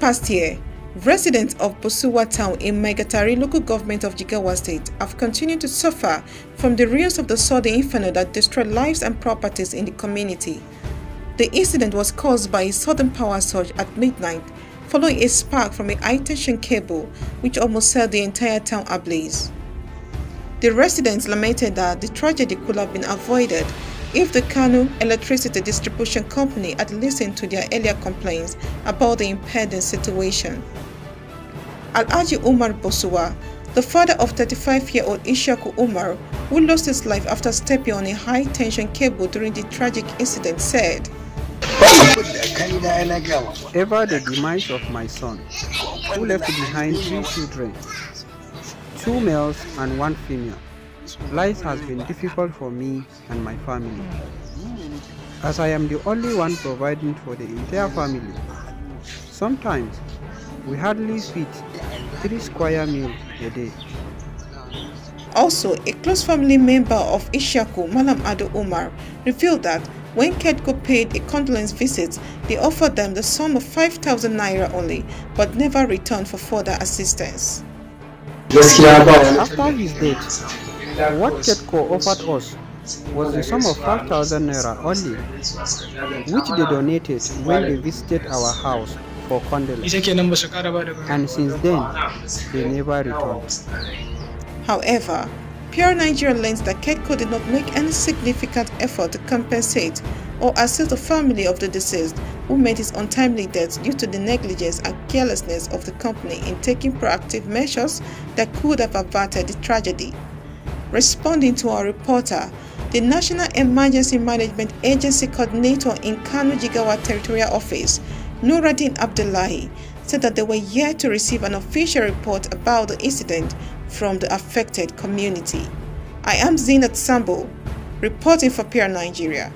past year, residents of Bosuwa town in Megatari local government of Jigawa state have continued to suffer from the ruins of the sudden Inferno that destroyed lives and properties in the community. The incident was caused by a sudden power surge at midnight following a spark from a high-tension cable which almost set the entire town ablaze. The residents lamented that the tragedy could have been avoided if the Kano Electricity Distribution Company had listened to their earlier complaints about the impending situation. Aji Umar Bosua, the father of 35-year-old Ishaku Umar, who lost his life after stepping on a high-tension cable during the tragic incident, said, Ever the demise of my son, who left behind three children, two males and one female. Life has been difficult for me and my family, as I am the only one providing for the entire family. Sometimes, we hardly feed three square meals a day. Also, a close family member of Ishaku, Malam Ado Umar, revealed that when Kedko paid a condolence visit, they offered them the sum of 5,000 naira only, but never returned for further assistance. After his death, what Kedco offered us was the sum of 5,000 naira only, which they donated when they visited our house for condolence. And since then, they never returned. However, Pure Nigeria learns that Ketco did not make any significant effort to compensate or assist the family of the deceased who made his untimely death due to the negligence and carelessness of the company in taking proactive measures that could have averted the tragedy. Responding to our reporter, the National Emergency Management Agency Coordinator in Kanu Jigawa Territorial Office, Nuradin Abdullahi, said that they were yet to receive an official report about the incident from the affected community. I am Zinat Sambo, reporting for PR Nigeria.